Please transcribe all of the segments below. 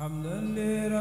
حمدا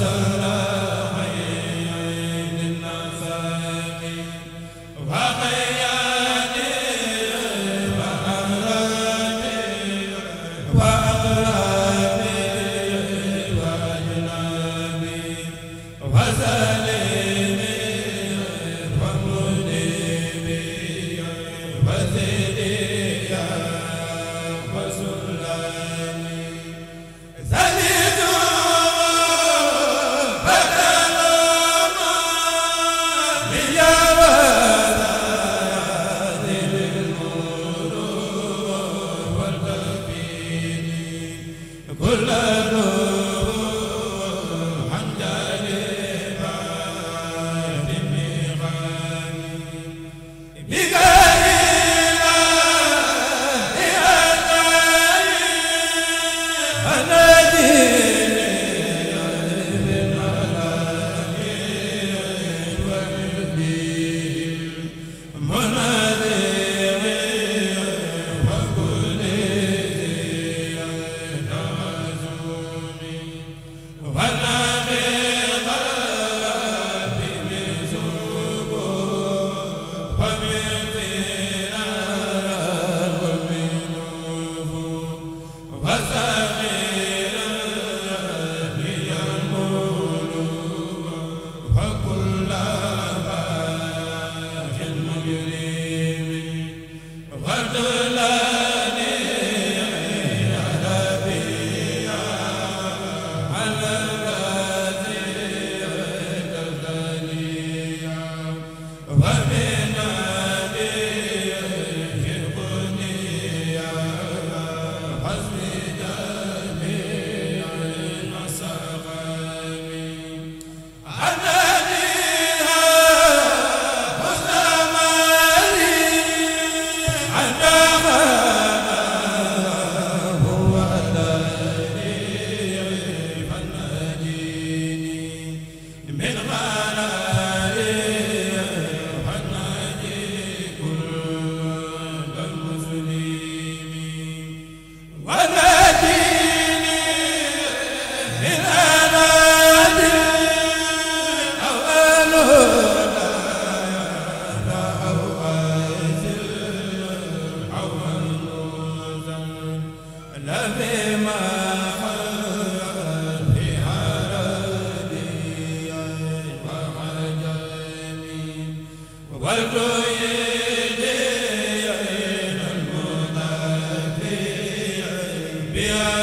sa wala a bi